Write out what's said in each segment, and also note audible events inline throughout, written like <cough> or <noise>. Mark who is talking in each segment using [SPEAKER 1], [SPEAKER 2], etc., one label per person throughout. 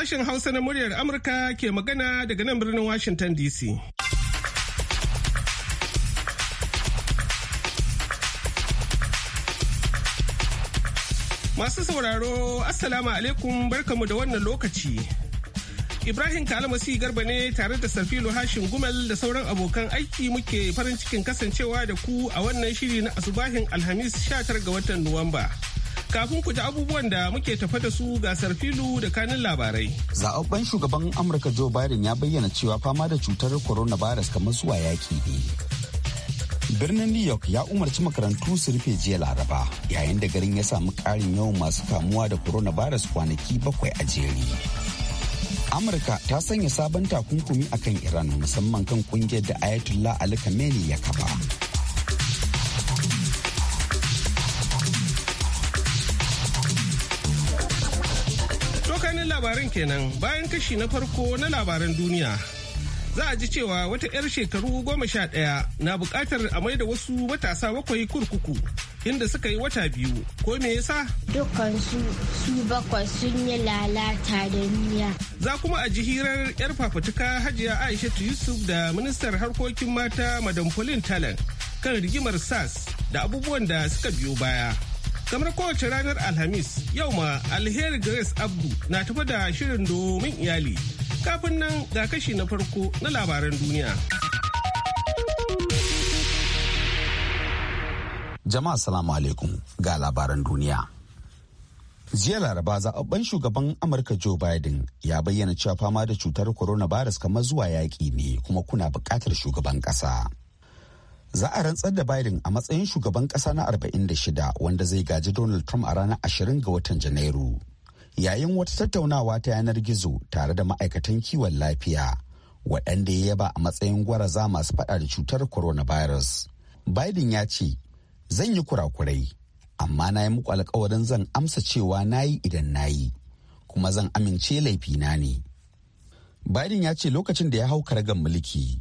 [SPEAKER 1] Sashen Hausa na muryar Amurka ke magana daga nan birnin Washington DC. Masu sauraro, Assalamu alaikum barkamu da wannan lokaci. Ibrahim Kalmasi Garba ne tare da Sarfilo Hashin Gumel da sauran abokan aiki muke farin cikin kasancewa da ku a wannan shiri na asubahin Alhamis 19 ga watan Nuwamba. Kafin ku ji abubuwan da muke tafa da su gasar filu da kanin labarai.
[SPEAKER 2] Zaɓaɓɓen shugaban Amurka Joe Biden ya bayyana cewa fama da cutar coronavirus kamar zuwa yaƙi ne. Birnin New York ya umarci makarantu su rufe jiya Laraba yayin da garin ya samu ƙarin yawan masu kamuwa da coronavirus kwanaki bakwai a jere. Amurka ta sanya sabon takunkumi akan Iran musamman kan kungiyar da Ayatollah Ali Khamenei ya kafa.
[SPEAKER 1] kenan bayan kashi na farko na labaran duniya. Za a ji cewa wata 'yar shekaru goma sha ɗaya na buƙatar a maida wasu matasa bakwai kurkuku inda suka yi wata biyu ko me yasa? dukkan su
[SPEAKER 3] bakwai sun yi lalata da niya.
[SPEAKER 1] Za kuma a ji hirar 'yar fafutuka Hajiya Aishatu Yusuf da ministar harkokin mata Madam Pauline Talent kan rigimar SARS da abubuwan da suka biyo baya. Kamar kowace ranar Alhamis, yau ma Alheri Grace Abdu na tafi da shirin domin iyali. Kafin nan
[SPEAKER 2] ga kashi na farko na labaran duniya. Jama'a salamu alaikum ga labaran duniya. jiya laraba zaɓaɓɓen shugaban amurka joe biden ya bayyana cewa fama da cutar coronavirus kamar zuwa yaƙi ne kuma kuna buƙatar shugaban ƙasa za a rantsar da Biden a matsayin shugaban ƙasa na 46 wanda zai gaji Donald Trump a ranar 20 ga watan Janairu. Yayin wata tattaunawa ta yanar gizo tare da ma'aikatan kiwon lafiya waɗanda ya yaba a matsayin gwaraza masu faɗa da cutar coronavirus. Biden ya ce, zan yi kurakurai, amma na yi muku alkawarin zan amsa cewa na yi idan na yi, kuma zan amince laifina ne. Biden ya ce lokacin da ya hau karagan mulki.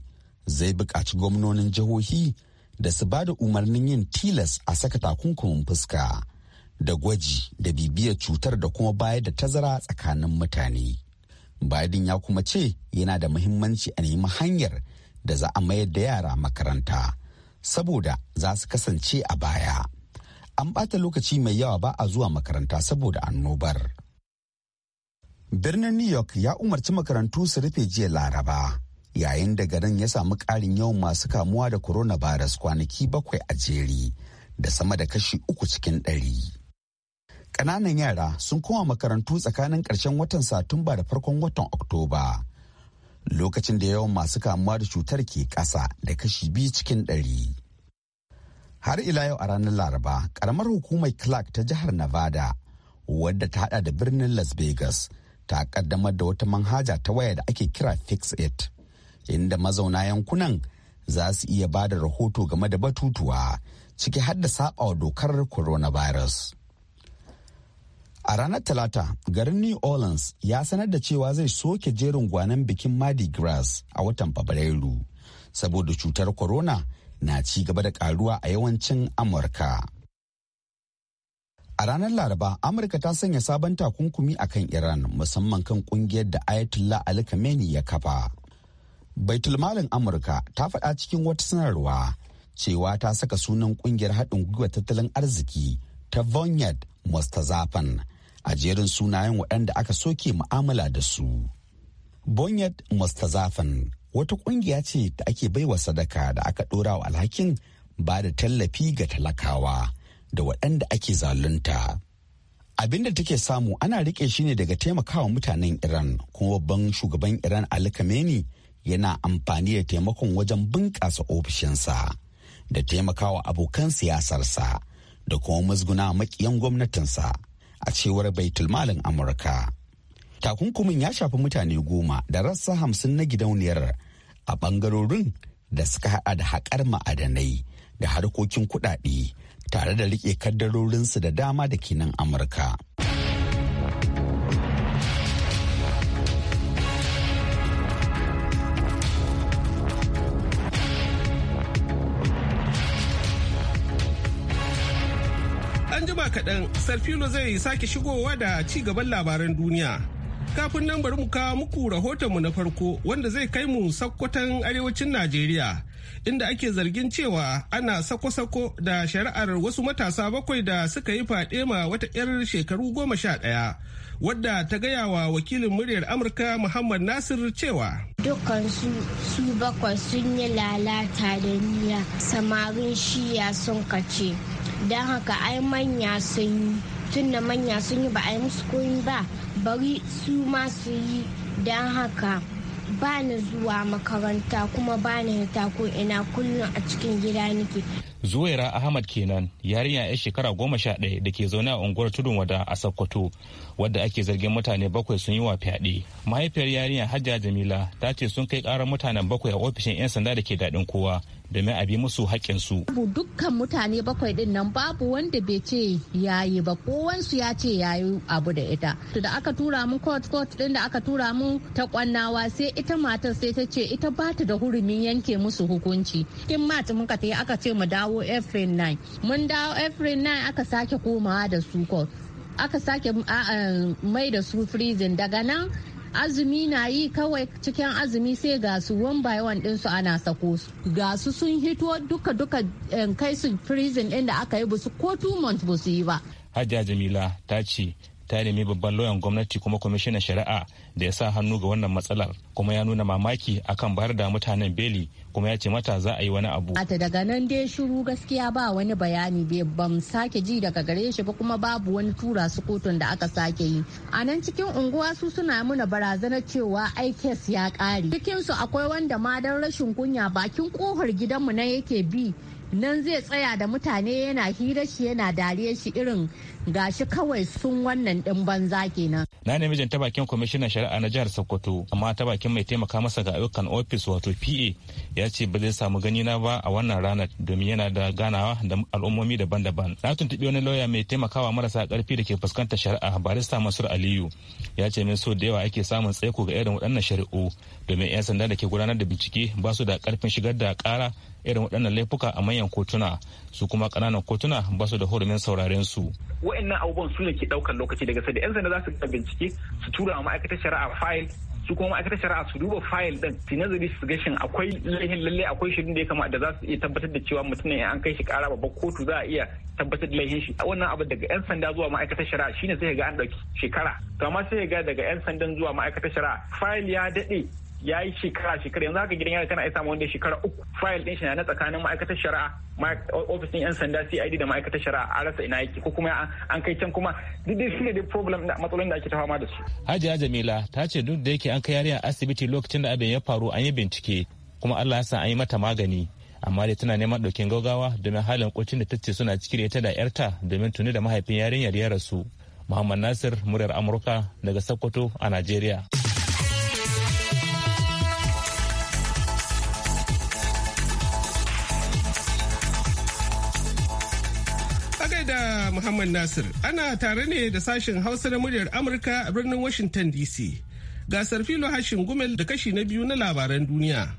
[SPEAKER 2] zai buƙaci gwamnonin jihohi da su ba da umarnin yin tilas a saka takunkumin fuska da gwaji da bibiyar cutar da kuma bayar da tazara tsakanin mutane. Biden ya kuma ce yana da muhimmanci a nemi hanyar da za a mayar da yara makaranta saboda za su kasance a baya. An ɓata lokaci mai yawa ba a zuwa makaranta saboda annobar. Birnin New York ya umarci makarantu su rufe jiya Laraba. yayin da garin ya samu ƙarin yawan masu kamuwa da corona coronavirus kwanaki bakwai a jeri da sama da kashi uku cikin ɗari. Ƙananan yara sun koma makarantu tsakanin ƙarshen watan Satumba da farkon watan Oktoba. Lokacin da yawan masu kamuwa da cutar ke ƙasa da kashi biyu cikin ɗari. Har ila yau a ranar Laraba, ƙaramar hukumar Clark ta jihar Nevada, wadda ta hada da birnin Las Vegas, ta ƙaddamar da wata manhaja ta waya da ake kira Fix It. inda mazauna yankunan za su iya ba da rahoto game da batutuwa ciki har da wa dokar coronavirus. A ranar Talata, garin New Orleans ya sanar da cewa zai soke jerin gwanan bikin Mardi Gras a watan Fabrairu, saboda cutar corona na ci gaba da karuwa a yawancin Amurka. A ranar Laraba, Amurka ta sanya sabon takunkumi a kan Iran musamman kan kungiyar da Ayatollah Ali Khamenei ya kafa. baitulmalin amurka ta faɗa cikin wata sanarwa cewa ta saka sunan kungiyar haɗin gwiwa tattalin arziki ta vonyard mustazafan a jerin sunayen waɗanda aka soke mu'amala da su vonyard mustazafan wata kungiya ce da ake baiwa sadaka da aka ɗora wa alhakin ba da tallafi ga talakawa da waɗanda ake zalunta. abin da take samu ana rike shi ne daga taimakawa mutanen iran kuma babban shugaban iran ali kameni yana amfani da taimakon wajen bunƙasa ofishinsa da taimakawa abokan siyasarsa da kuma musguna makiyan gwamnatinsa a cewar baitulmalin amurka takunkumin ya shafi mutane goma da rassa hamsin na gidauniyar a bangarorin da suka haɗa da haƙar ma'adanai da harkokin kuɗaɗe tare da riƙe kaddarorinsu da dama da kinan amurka.
[SPEAKER 1] kaɗan sarfilo zai sake shigowa da ci gaban labaran duniya kafin nan bari mu kawo muku rahotonmu na farko wanda zai kai mu sakkwatan arewacin najeriya inda ake zargin cewa ana sako-sako da shari'ar wasu matasa bakwai da suka yi faɗe ma wata 'yar shekaru goma sha ɗaya wadda ta gaya wa wakilin muryar amurka muhammad nasir cewa
[SPEAKER 3] dukkan su bakwai sun yi lalata da niyya samarin shiya sun kace don haka ai manya sun yi tun da manya sun yi ba a yi musu koyi ba bari su ma su yi don haka ba ni zuwa makaranta kuma ba ni hita ko ina kullum a cikin gida nake.
[SPEAKER 4] Zuwaira Ahmad kenan yarinya 'ya shekara goma sha ɗaya da ke zaune a unguwar tudun wada a Sokoto wadda ake zargin mutane bakwai sun yi wa fyaɗe. Mahaifiyar yarinya Hajja Jamila ta ce sun kai ƙarar mutanen bakwai a ofishin 'yan sanda da ke daɗin kowa domin a bi musu haƙƙinsu.
[SPEAKER 3] dukkan mutane bakwai din nan babu wanda bai ce yayi ba kowansu ya ce yayi abu da ita to da aka tura mu court court din da aka tura mu ta kwannawa sai ita matar sai ta ce ita ba ta da hurumin yanke musu hukunci ma mat muka ta aka ce mu dawo april 9 mun dawo april 9 aka sake komawa da su court aka sake mai da su freezing daga nan azumi na yi kawai cikin azumi sai ga su one by one ɗinsu ana sako su ga su sun hito duka duka eh, kai su prison ɗin da aka yi ba su ko two months ba su yi ba
[SPEAKER 4] hajja Jamila ta ce ta nemi babban lauyan gwamnati kuma kwamishinan shari'a da ya sa hannu ga wannan matsalar kuma ya nuna mamaki akan bayar da mutanen beli kuma ya ce mata za a yi wani abu.
[SPEAKER 3] Ata daga nan dai shiru gaskiya ba wani bayani bai bamu sake ji daga gare shi ba kuma babu wani tura su kotun da aka sake yi. A nan cikin unguwa su suna muna barazanar cewa ai ya kare. cikinsu akwai wanda ma dan rashin kunya bakin kofar gidanmu na yake bi nan zai tsaya da mutane yana hira shi yana dariya shi irin gashi kawai sun wannan din banza kenan.
[SPEAKER 4] Na ne mijin tabakin bakin kwamishinan shari'a na jihar Sokoto amma tabakin mai taimaka masa ga ayyukan ofis wato PA ya ce ba zai samu gani na ba a wannan ranar domin yana da ganawa da al'ummomi daban-daban. Na tuntuɓi wani lauya mai taimakawa marasa karfi da ke fuskantar shari'a barista Masur Aliyu ya ce min so da yawa ake samun tsaiko ga irin waɗannan shari'u domin 'yan sanda da ke gudanar da bincike ba su da ƙarfin shigar da ƙara irin waɗannan laifuka a manyan kotuna su kuma ƙananan kotuna ba su da hurumin sauraren su. Wa'annan abubuwan su ne ke ɗaukar lokaci daga sai da 'yan sanda za su bincike su tura wa ma'aikatar shari'a fayil su kuma ma'aikatar shari'a su duba fayil ɗin su nazari su ga shin akwai laifin lalle akwai shirin da ya kamata da za su iya tabbatar da cewa mutumin ne an kai shi ƙara babbar kotu za a iya tabbatar da laifin shi wannan abu daga yan sanda zuwa ma'aikatar shari'a shine sai ga an dauki shekara kama amma sai ga daga yan sandan zuwa ma'aikatar shari'a fayil ya daɗe ya yi shekara shekara yanzu haka gidan yari tana iya samu wanda shekara uku fayil din shi na tsakanin ma'aikatar shari'a ofisin yan sanda CID da ma'aikatar shari'a a rasa ina yake ko kuma an kai can kuma duk dai su ne dai problem da matsalolin da ake ta fama da su. Hajiya Jamila ta ce duk da yake an kai yari a asibiti lokacin da abin ya faru an yi bincike kuma Allah ya sa an yi mata magani. amma dai tana neman ɗaukin gaugawa domin halin kocin da ta ce suna ciki da ita da 'yarta domin tuni da mahaifin yarinyar ya rasu. Muhammad Nasir muryar Amurka daga Sokoto a Najeriya.
[SPEAKER 1] Muhammad Nasir. Ana tare ne da sashen Hausa na muryar Amurka a birnin Washington DC. Gasar filo hashin gumel da kashi na biyu na
[SPEAKER 2] labaran duniya.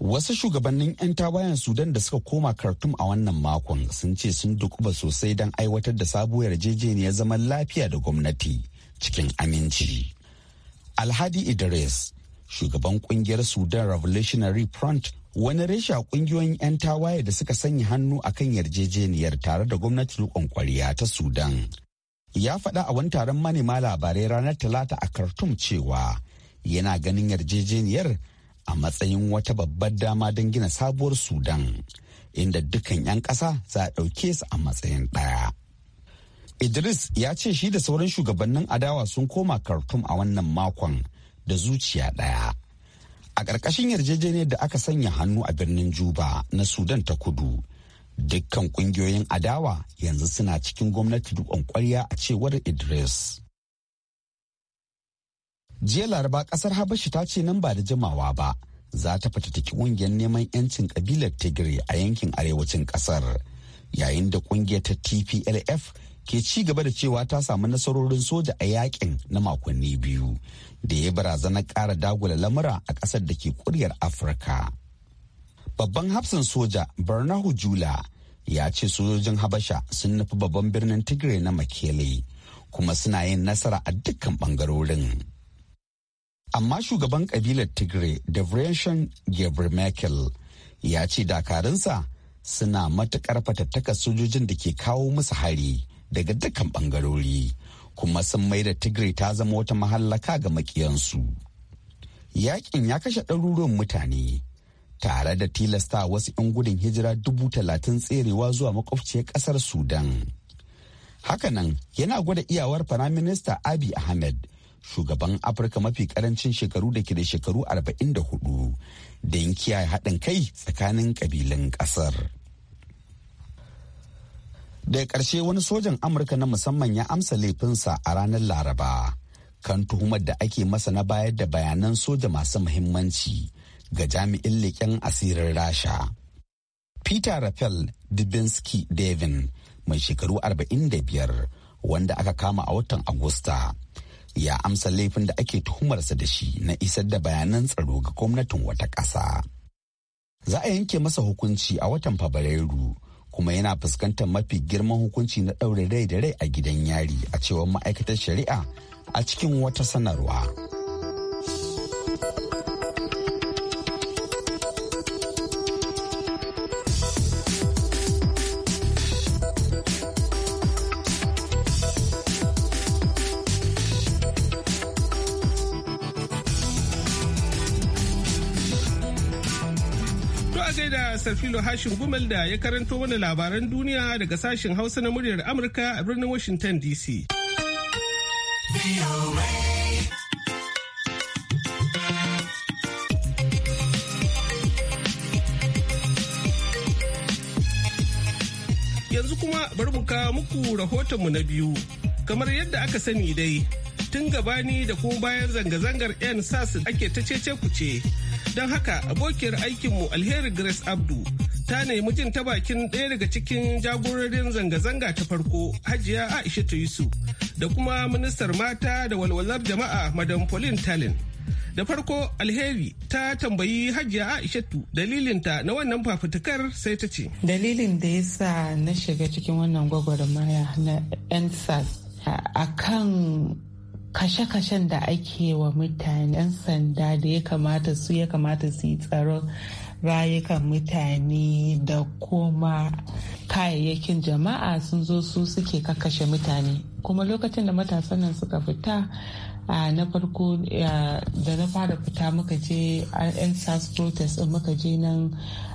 [SPEAKER 2] Wasu shugabannin 'yan tawayen Sudan da suka koma Khartoum a wannan makon sun ce sun dukuba sosai don aiwatar da sabuwar yarjejeniyar zaman lafiya da gwamnati cikin aminci. Alhadi Idris, shugaban kungiyar Sudan Revolutionary Front wani reshe a kungiyoyin 'yan tawaye da suka sanya hannu a kan yarjejeniyar tare da gwamnati rikon kwariya ta sudan ya faɗa a wani taron manema labarai ranar talata a khartoum cewa yana ganin yarjejeniyar a matsayin wata babbar dama don gina sabuwar sudan inda dukkan 'yan ƙasa za a ɗauke su a matsayin ɗaya idris ya ce shi da sauran shugabannin adawa sun koma khartoum a wannan makon da zuciya ɗaya a ƙarƙashin yarjejeniyar da aka sanya hannu a birnin juba na sudan ta kudu dukkan ƙungiyoyin adawa yanzu suna cikin gwamnati dukkan kwarya a cewar idris jiya laraba ƙasar habashi ta ce nan ba da jimawa ba za ta fitattaki ƙungiyar neman 'yancin ƙabilar tigray a yankin arewacin ƙasar yayin da ƙungiyar ta tplf ke ci gaba da cewa ta samu nasarorin soja a yakin na makonni biyu da ya barazanar kara dagula lamura a ƙasar da ke kuryar afirka babban hafsan soja barnahu jula ya ce sojojin habasha sun nufi babban birnin tigray na makele kuma suna yin nasara a dukkan bangarorin amma shugaban kabilar tigray da gabriel merkel ya ce dakarunsa suna matukar fatattaka sojojin da ke kawo musu hari daga dukkan bangarori kuma sun mai da tigray ta zama wata mahallaka ga makiyansu yakin ya kashe ɗaruruwan mutane tare da tilasta wasu 'yan gudun hijira dubu talatin tserewa zuwa makwabciyar ƙasar sudan hakanan yana gwada iyawar firaminista abi ahmed shugaban afirka mafi karancin shekaru da ke da shekaru 44 don kiyaye haɗin kai tsakanin ƙabilun ƙasar. daga ƙarshe wani sojan amurka na musamman ya amsa laifinsa a ranar laraba kan tuhumar da ake masa na bayar da bayanan soja masu muhimmanci ga jami'in leƙen asirin rasha peter rafael dubinsky devin mai shekaru 45 wanda aka kama a watan agusta ya amsa laifin da ake tuhumarsa da shi na isar da bayanan tsaro ga gwamnatin wata ƙasa. Za a yanke masa hukunci a watan Fabrairu kuma yana fuskantar mafi girman hukunci na ɗaure rai da rai a gidan yari a cewar ma'aikatar shari'a a cikin wata sanarwa.
[SPEAKER 1] filo Hashim Gumel da ya karanto wani labaran duniya daga sashen Hausa na muryar Amurka a birnin Washington DC. Yanzu kuma bari mu kawo muku rahotonmu na biyu. Kamar yadda aka sani dai, tun gabani da kuma bayan zanga-zangar 'yan sas ake ta cece kuce. Don haka abokiyar aikinmu Alheri Grace Abdu ta nemi jin ta bakin ɗaya daga cikin jagororin zanga-zanga ta farko Hajiya Aishatu Yusuf da kuma ministar mata da walwalar jama'a Madam Pauline Talin. Da farko alheri ta tambayi Hajiya Aishatu dalilinta na wannan fafutukar sai ta ce.
[SPEAKER 5] Dalilin da ya sa na shiga cikin wannan gwagwarmaya na 'yan a kan kashe-kashen da ake wa mutane 'yan sanda da ya kamata su ya kamata su yi tsaron rayukan mutane da kuma kayayyakin jama'a sun zo su suke kakashe mutane kuma lokacin da matasan nan suka fita a na farko da na fara fita muka je yan sas protest muka je nan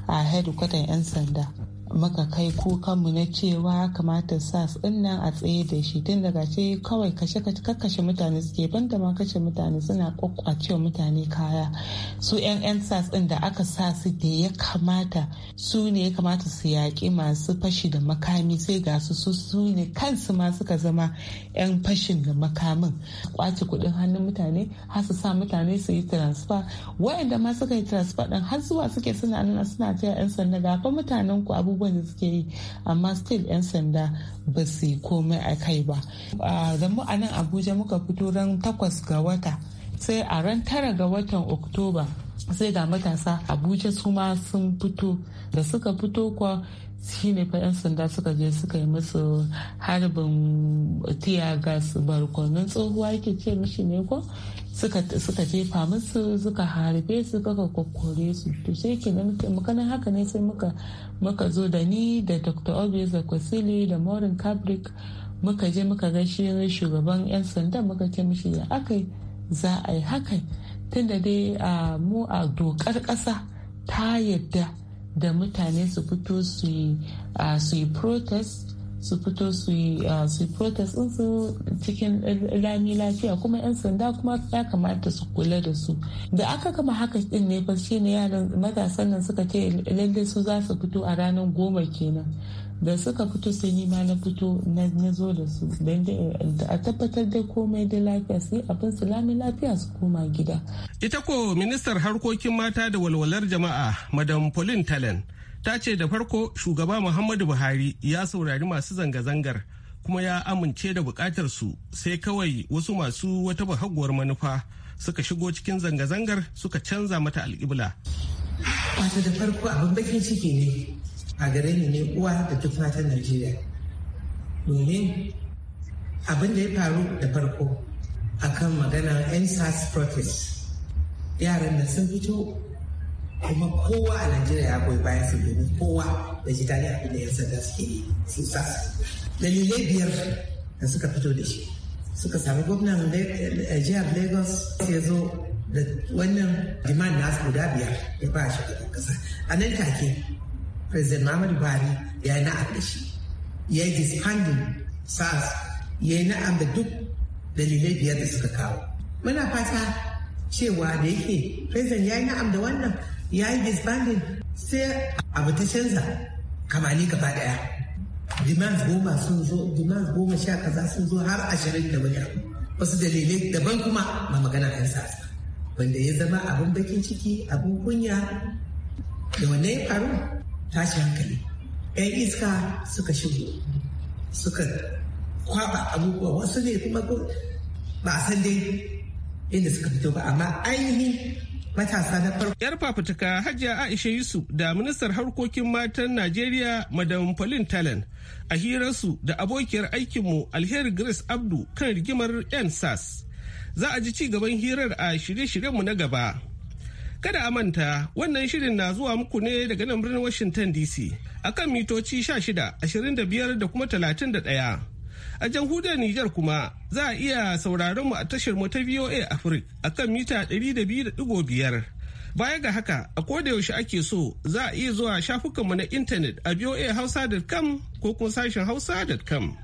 [SPEAKER 5] a headquarter yan sanda Maka kai kukanmu na cewa kamata sas din nan a tsaye da shi tun daga ce kawai kashe kakashe mutane suke ban da ma kashe mutane suna kwakwacewa mutane kaya su yan yan sas din da aka sa su da ya kamata su ne ya kamata su yaƙi masu fashi da makami sai ga su su ne kansu ma suka zama yan fashin da makamin kwace kuɗin hannun mutane har su sa mutane su yi transfer wayanda ma suka yi transfer din har zuwa suke suna nuna suna jiya yan sanda gafa mutanen ku abubuwa abubuwan da suke yi amma still 'yan sanda ba su yi komai a kai ba da mu a nan abuja muka fito ran takwas ga wata sai a ran tara ga watan oktoba sai ga matasa abuja su ma sun fito da suka fito kuwa shi ne fa 'yan sanda suka je suka yi musu harbin tiya gas barkonon tsohuwa yake ce mishi ne ko suka jefa musu suka harbe su kaka kokore su to sai ke makanan haka ne sai muka zo da ni da dr obeza kwasili da Morin kabrik muka je muka gaishe shugaban 'yan sanda muka ce mishi ya akai za a yi hakan tunda dai ah, mu a dokar ƙasa ta yadda da mutane su fito su yi protest su fito su yi protest din su cikin rami lafiya kuma 'yan sanda kuma ya kamata su kula da su da aka kama haka din ne ba shi ne yaran matasan nan suka ce lalle su za su fito a ranar goma kenan da suka fito sai ni ma na fito na zo da su a tabbatar da komai da lafiya sai abin su lafiya su koma gida.
[SPEAKER 1] Ita ko ministar harkokin mata da walwalar jama'a madam Pauline Talen ta ce da farko shugaba Muhammadu Buhari ya saurari masu zanga-zangar kuma ya amince da bukatar su sai kawai wasu masu wata bahaguwar manufa suka shigo cikin zanga-zangar suka canza mata alƙibla.
[SPEAKER 6] Wato da farko abin bakin ciki ne a gare ni ne uwa da duk matan najeriya domin abin da ya faru da farko akan maganar nsas protest yaran da sun fito kuma kowa a najeriya ya goyi bayan su domin kowa da shi tare abin da sanda suke su sa dalilai biyar da suka fito da shi suka sami gwamnan eh, jihar lagos ya zo da wannan demand nasu guda biyar ya ba shi kasa a nan take president Muhammadu Buhari ya yi na'am da shi ya yi disbanding SARS ya yi na'am da duk dalilai biyar da suka kawo muna fata cewa da yake president ya yi na'am da wannan ya yi disbanding sai abu ta canza kamani gaba daya demands goma sun zo demands goma sha kaza sun zo har ashirin da wani abu wasu dalilai daban kuma ba magana yan sasa wanda ya zama abin bakin ciki abin kunya da wannan ya faru tashi hankali yan iska suka shigo suka kwaba abubuwa wasu ne kuma ba a san dai inda suka fito ba amma ainihin
[SPEAKER 1] matasa na farko. Yar fafutuka Hajiya Aisha Yusuf da ministar harkokin matan Najeriya Madam Pauline Talen a hirarsu da abokiyar aikinmu Alheri Grace Abdu kan rigimar 'yan SAS. Za a ji ci gaban hirar a shirye-shiryenmu na gaba. Kada a manta wannan shirin na zuwa muku ne daga nan birnin Washington DC akan mitoci 16, 25 da kuma 31. A jamhuriyar Nijar kuma za a iya sauraron mu a tashar mu ta VOA Africa akan mita 200.5. Baya ga haka a koda yaushe ake so za a iya zuwa shafukanmu na intanet a voahausa.com ko kuma sashen hausa.com.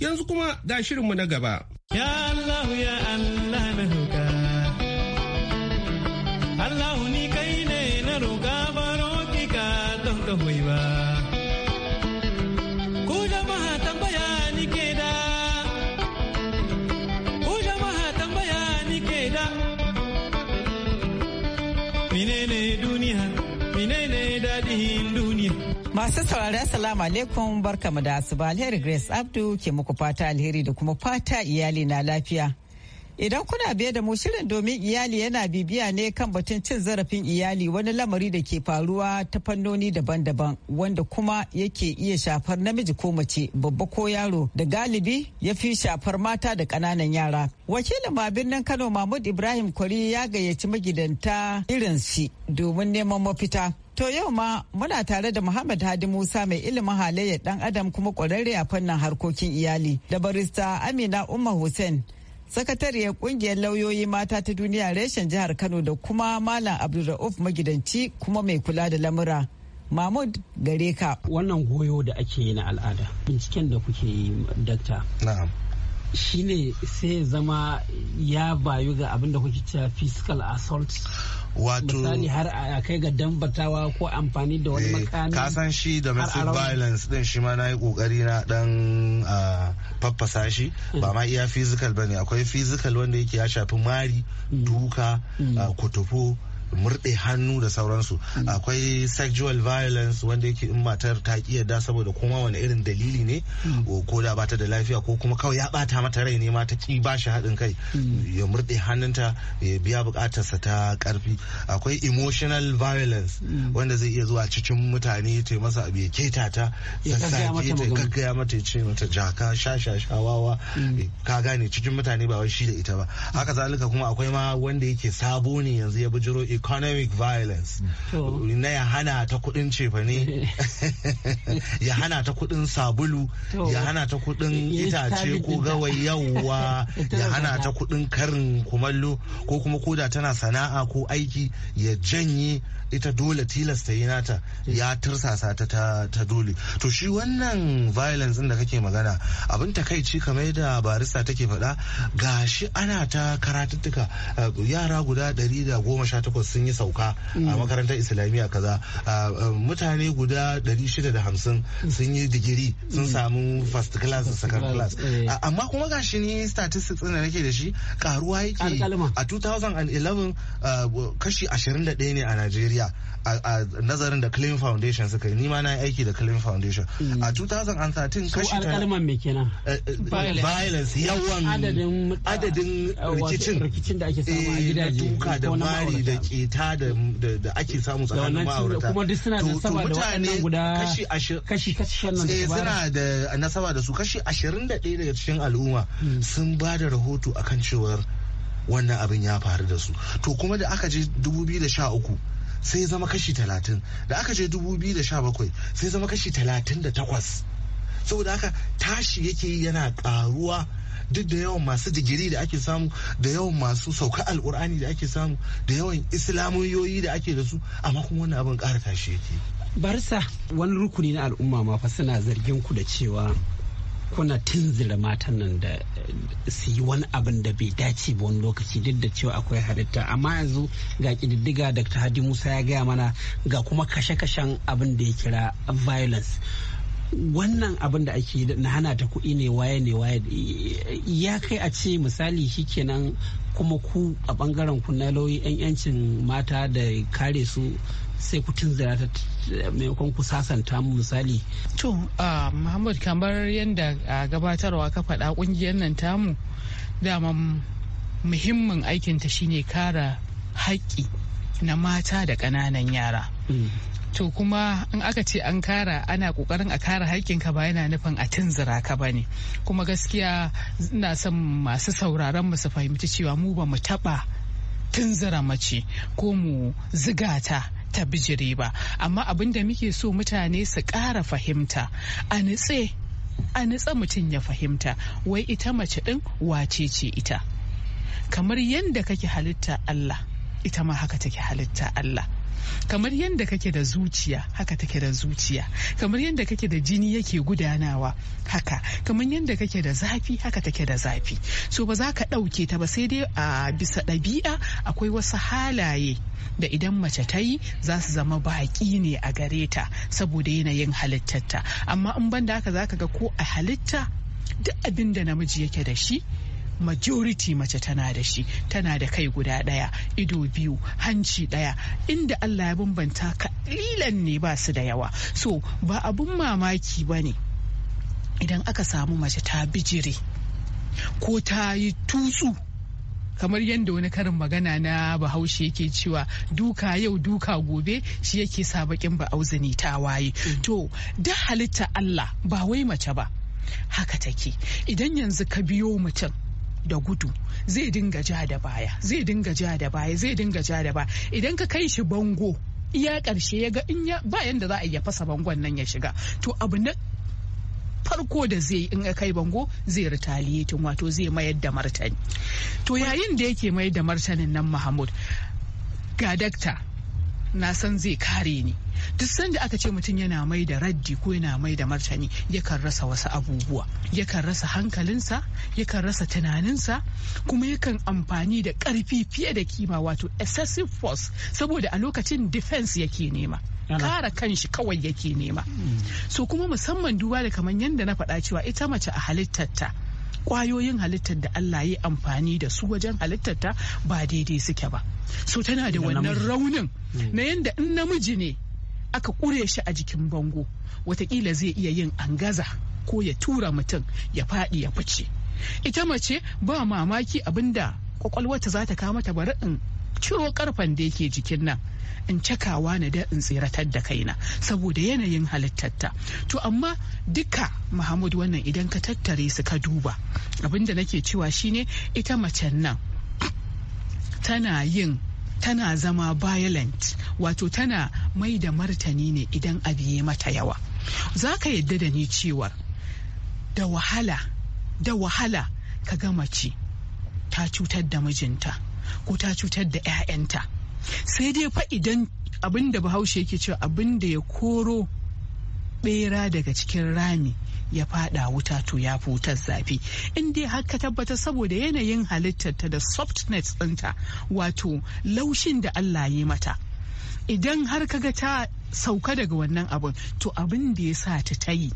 [SPEAKER 1] Yanzu kuma ga shirinmu na gaba.
[SPEAKER 6] Ya Allah ya Allah
[SPEAKER 7] Masu saurari Assalamu alaikum barkamu da asuba alheri Grace Abdu ke muku fata alheri da kuma fata iyali na lafiya. Idan kuna biye da mu shirin domin iyali yana bibiya ne kan batun cin zarafin iyali wani lamari da ke faruwa ta fannoni daban-daban wanda kuma yake iya shafar namiji ko mace babba ko yaro da galibi ya fi shafar mata da ƙananan yara. Wakilin ma birnin Kano Mahmud Ibrahim Kwari ya gayyaci magidanta irin shi domin neman mafita. To yau ma muna tare da Muhammad Hadi Musa mai ilimin halayyar dan Adam kuma kwararre a fannin harkokin iyali da barista Amina Umma Hussein sakatariyar kungiyar lauyoyi mata ta duniya reshen jihar kano da kuma malam abdulra'uf magidanci kuma mai kula da lamura mahmud gare ka wannan goyo
[SPEAKER 8] da ake yi na al'ada binciken da kuke yi dakta shine sai ya zama ya bayu ga abin da kuke cewa fiscal assault wato misali har a kai ga dambatawa ko amfani da wani eh, makami ka san shi domestic violence
[SPEAKER 9] din shi ma na yi kokari na dan faffasa shi eh. ba ma iya physical bane akwai physical wanda yake ya shafi mari mm. duka mm. kotofo murɗe hannu da sauransu mm. akwai sexual violence wanda yake in matar ta ki yadda saboda kuma wani irin dalili ne mm. ko da bata da lafiya ko kuma kawai ya bata mata rai ne ma ta ki ba shi haɗin kai mm. ya murɗe hannunta ya biya buƙatarsa ta karfi. akwai emotional violence wanda zai iya zuwa cikin mutane ta masa abu ya keta ta ya mata ya ce mata jaka shasha shawawa ka gane cikin mutane ba wai shi da ita ba haka zalika kuma akwai ma wanda yake sabo ne yanzu ya bijiro economic violence na ya hana ta kudin cefane <laughs> ya hana ta kudin sabulu ya hana ta kudin <laughs> itace ko gawai <laughs> yawwa ya hana ta kudin karin kumallo ko kuma koda tana sana'a ko aiki ya janye ita dole tilasta yi nata ya tursasa ta ta dole to shi wannan violence da kake magana abin takaici kamar da barista take faɗa gashi ana ta karatuttuka eh, yara guda ɗari da takwas. sun yi sauka a mm. makarantar islamiyya kaza mutane guda 650 sun yi digiri sun mm. samu first class da second class eh. amma kuma ga shi ni statistics din da nake da shi karuwa yake a 2011 kashi 21 ne a Najeriya a nazarin da Clean Foundation suka yi ni ma na aiki da Clean Foundation mm. a 2013 kashi alƙalman me kenan eh, eh, violence yawan adadin rikicin da ake samu a gidaje duka da mari da ta da ake samu tsakanin ma'aurata kuma duk suna da da guda kashi ashirin da eh, suna da nasaba da su kashi ɗaya daga cikin al'umma hmm. sun ba da rahoto akan cewar wannan abin ya faru da su to kuma da aka je dubu biyu da sha uku sai zama kashi talatin da aka je dubu biyu da sha bakwai sai zama kashi talatin da takwas saboda haka tashi yake yana karuwa duk da yawan masu digiri da ake samu da yawan masu sauka alkur'ani da ake samu da yawan islamiyoyi da ake da su amma kuma wannan abin ƙara tashi yake
[SPEAKER 8] barsa wani rukuni na al'umma ma fa suna zargin ku da cewa kuna tunzura matan nan da su yi wani abin da bai dace ba wani lokaci duk da cewa akwai halitta amma yanzu ga kididdiga dr hadi musa ya gaya mana ga kuma kashe-kashen abin da ya kira violence wannan abin da ake na hana ta kuɗi ne waye ne waye ya kai a ce misali shi shikenan kuma ku a bangaren ku na lauyi 'yan yancin mata da kare su sai ku tunzira ta maimakon ku sasanta mu misali.
[SPEAKER 10] To, Muhammad kamar yadda a gabatarwa ka faɗa ƙungiyar nan tamu dama muhimmin aikinta shine kara haƙƙi na mata da ƙananan yara. Mm. to kuma in aka ce an kara ana kokarin a kara haƙƙinka ba yana nufin a tunzura ka ba ne kuma gaskiya ina son masu sauraron mu su fahimci cewa mu ba mu taɓa tunzura mace ko mu zigata ta bijire ba amma abin da muke so mutane su ƙara fahimta a nitse a nitsa mutum ya fahimta wai ita mace ɗin wace ce ita kamar yadda kake halitta Allah ita ma haka take halitta Allah kamar yadda kake da zuciya haka take da zuciya kamar yadda kake da jini yake gudanawa haka kamar yadda kake da zafi haka take da zafi so ba za ka ɗauke ta ba sai dai a bisa ɗabi'a akwai wasu halaye da idan mace ta yi za su zama baƙi ne a gare ta saboda yanayin halittarta amma in banda haka za ka ga ko a halitta duk abin da namiji yake da shi majority mace tana da shi tana da kai guda ɗaya ido biyu hanci ɗaya inda Allah ya bambanta kalilan ne ba su da yawa so ba abun mamaki ba ne idan aka samu mace ta bijire ko ta yi tutsu kamar yadda wani karin magana na bahaushe yake cewa duka yau duka gobe shi yake sa bakin ba'auzini ta waye mm. to da halitta Allah ba wai mace ba haka take idan yanzu ka biyo mutum da gudu zai dinga ja da baya zai dinga ja da baya zai dinga ja da baya idan ka kai shi bango iya karshe ya ga in ya ba yanda za a iya fasa bangon nan ya shiga to abu na farko da zai in ya kai bango zai retaliating wato zai mayar da martani to yayin da yake mayar da martanin nan mahamud ga dakta na san zai kare ni duk sanda aka ce mutum yana mai da raddi ko yana mai da martani yakan rasa wasu abubuwa yakan rasa hankalinsa yakan rasa tunaninsa kuma yakan amfani da karfi fiye da kima wato excessive force saboda a lokacin defense yake nema kara kanshi kawai yake nema hmm. so kuma musamman duba da kamar yadda na faɗa cewa ita mace a halittarta kwayoyin halittar da Allah ya amfani da su wajen halittarta ba daidai suke ba so tana da wannan raunin Mm. na yadda in namiji ne aka ƙure shi a jikin bango watakila zai iya yin angaza ko ya tura mutum ya faɗi ya fice ita mace ba mamaki abinda kwakwalwata za ta kama ta bari in ciro karfan da yake jikin nan in cakawa na da in tsiratar da kaina saboda yanayin halittarta to amma duka muhammad wannan idan ka tattare su ka duba abinda nake cewa shine ita macen nan tana yin tana zama violent wato tana mai da martani ne idan abu ya mata yawa za ka yadda da ni cewar da wahala da wahala ka ga mace ta cutar da mijinta ko ta cutar da 'ya'yanta sai dai fa idan abin da bahaushe ke cewa abin da ya koro bera daga cikin rami ya fada wuta to ya fi wutar zafi in dai har ka tabbatar saboda yanayin ta da softness ɗinta wato laushin da Allah ya mata idan har ka ga ta sauka daga wannan abin to abin da ya sa ta ta yi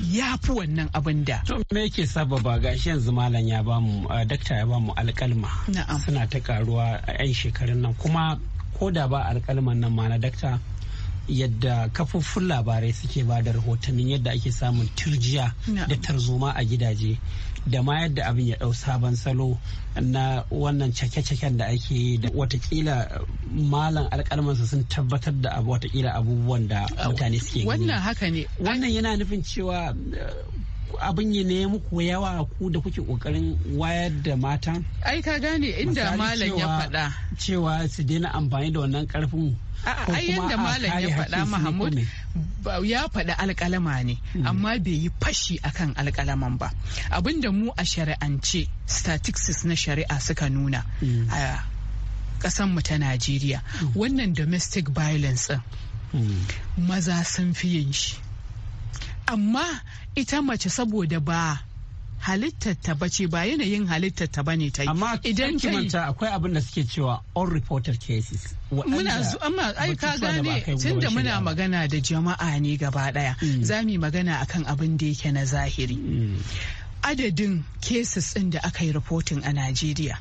[SPEAKER 10] ya fi wannan abin da.
[SPEAKER 8] To me yake sababa gashi yanzu malam ya bamu dakta ya bamu alkalma. alƙalma Suna ta karuwa a 'yan shekarun nan kuma ko da ba alkalman nan ma na dakta yadda kafofin labarai suke ba da rahotannin yadda ake samun turjiya da tarzoma a gidaje da ma yadda abin ya ɗau sabon salo na wannan cake-caken da ake yi da watakila malam alkalmansa sun tabbatar da watakila abubuwan da mutane suke gani wannan haka ne wannan yana nufin cewa abin ya ne muku yawa ku da kuke kokarin wayar da mata
[SPEAKER 10] ai ka gane inda malam ya faɗa cewa su daina amfani da wannan karfin
[SPEAKER 8] a'a ai da
[SPEAKER 10] malam ya faɗa mahamud ya faɗi alƙalama ne hmm. amma bai yi fashi akan alƙalaman ba da mu a shari'ance statistics na shari'a suka nuna hmm. a mu ta Najeriya hmm. wannan domestic violence maza sun fi yin shi amma ita mace saboda ba halittarta ba ce ba yanayin halittarta ba ne ta yi. Amma idan ki manta
[SPEAKER 8] akwai abin da suke cewa all reported cases. Muna amma ai ka gane tunda muna
[SPEAKER 10] magana da jama'a ne gaba daya hmm. za mu magana akan abin da yake na zahiri. Hmm. Adadin cases ɗin da aka yi reporting a Najeriya.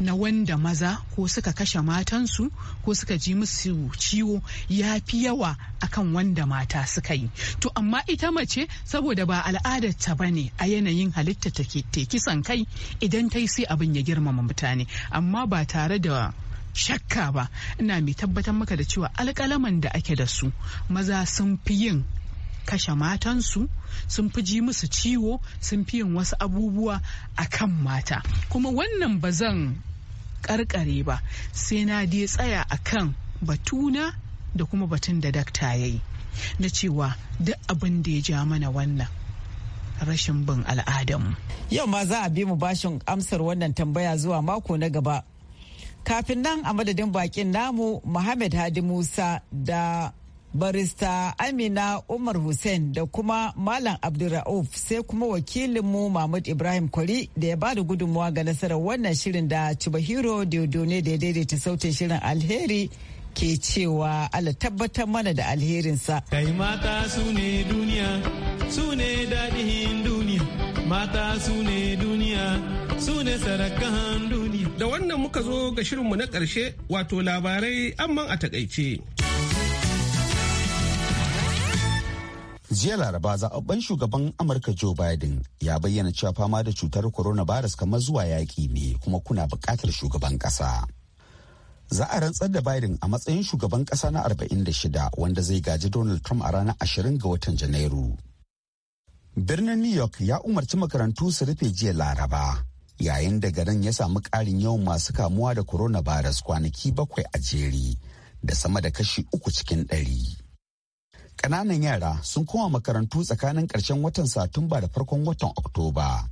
[SPEAKER 10] na wanda maza ko suka kashe matansu ko suka ji musu ciwo ya fi yawa akan wanda mata suka yi to amma ita mace saboda ba al'adarta ba ne a yanayin halitta take kisan kai idan ta yi sai abin ya girmama mutane amma ba tare da shakka ba ina mai tabbatar maka da cewa alkalaman da ake da su maza sun fi yin kashe matansu sun fi ji musu ciwo sun fi yin wasu abubuwa akan mata kuma wannan ba zan karkare ba sai na dai tsaya akan batuna da
[SPEAKER 7] kuma batun da dakta ya yi na cewa duk abin da ya ja mana wannan rashin bin al'adam. Yau ma za a bi mu bashin amsar wannan tambaya zuwa mako na gaba. Kafin nan a madadin bakin namu Muhammad Hadi Musa da barista amina umar hussein da kuma malam abdulra'uf sai kuma wakilinmu mahmud ibrahim kwari da ya bada gudunmuwa ga nasarar wannan shirin da chibahiro diodone da ya daidaita sautin shirin alheri ke cewa ala tabbatar mana da alherinsa kai
[SPEAKER 6] mata su ne duniya su ne daɗin
[SPEAKER 1] duniya mata su ne duniya su ne sarakan duniya da wannan muka zo ga shirinmu na ƙarshe wato labarai amman a takaice
[SPEAKER 2] jiya laraba zaɓaɓɓen shugaban amurka joe biden ya bayyana cewa fama da cutar coronavirus kamar zuwa yaƙi ne kuma kuna buƙatar shugaban ƙasa za a rantsar da biden a matsayin shugaban ƙasa na 46 wanda zai gaji donald trump a ranar 20 ga watan janairu birnin new york ya umarci makarantu su rufe jiya laraba yayin da garin ya samu ƙarin yawan masu kamuwa da coronavirus kwanaki bakwai a jeri da sama da kashi uku cikin ɗari. ƙananan yara sun koma makarantu tsakanin ƙarshen watan satumba da farkon watan oktoba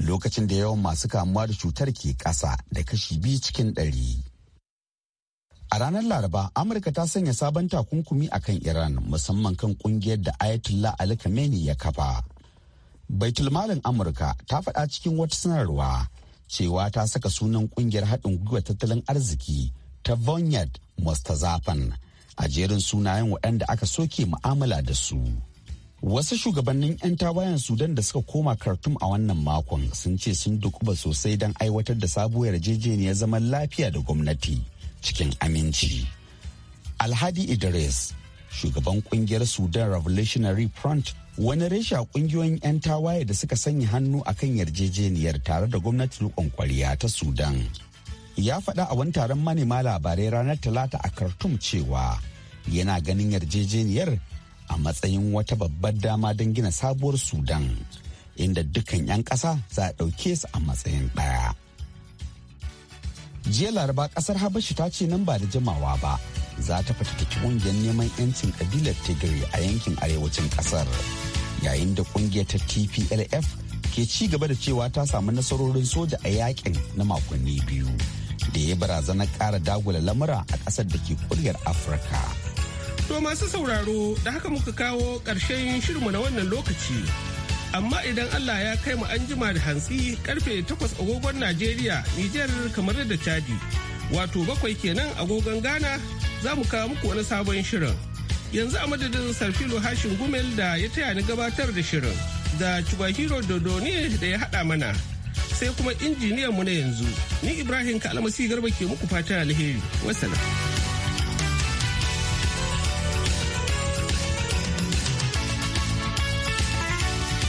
[SPEAKER 2] lokacin da yawan masu kamuwa da cutar ke ƙasa da kashi biyu cikin ɗari a ranar laraba amurka ta sanya sabon takunkumi a kan iran musamman kan ƙungiyar da ayatollah ali kameni ya kafa baitulmalin amurka ta faɗa cikin wata sanarwa cewa ta saka sunan ƙungiyar haɗin gwiwa tattalin arziki ta vonyard mustazafan a jerin sunayen waɗanda aka soke mu'amala da su. Wasu shugabannin 'yan tawayen Sudan da suka koma Khartoum a wannan makon sun ce sun dukuba sosai don aiwatar da sabuwar yarjejeniyar zaman lafiya da gwamnati cikin aminci. Alhadi Idris, shugaban kungiyar Sudan Revolutionary Front, wani resha kungiyoyin 'yan tawaye da suka sanya hannu a kan yarjejeniyar tare da gwamnati ta Sudan. ya faɗa a wani taron manema labarai ranar talata a khartoum cewa yana ganin yarjejeniyar a matsayin wata babbar dama don gina sabuwar sudan inda dukkan 'yan ƙasa za a ɗauke su a matsayin ɗaya jiya laraba ƙasar habashi ta ce nan ba da jimawa ba za ta fatattaki ƙungiyar neman 'yancin ƙabilar tigray a yankin arewacin ƙasar yayin da ƙungiyar ta tplf ke ci gaba da cewa ta samu nasarorin soja a yakin na makonni biyu da ya barazanar ƙara dagula lamura a ƙasar da ke kuryar afirka
[SPEAKER 1] to masu sauraro da haka muka kawo ƙarshen shirinmu na wannan lokaci amma idan allah ya kai mu anjima da hantsi karfe 8 agogon najeriya nijar kamar da chadi wato bakwai kenan agogon ghana za mu kawo muku wani sabon shirin yanzu a madadin sarfilo hashin gumel da ya taya ni gabatar da shirin da chubahiro dodo ne da ya haɗa mana sai kuma injiniyan mu na yanzu ni ibrahim kalmasi garba ke muku fata alheri wasalam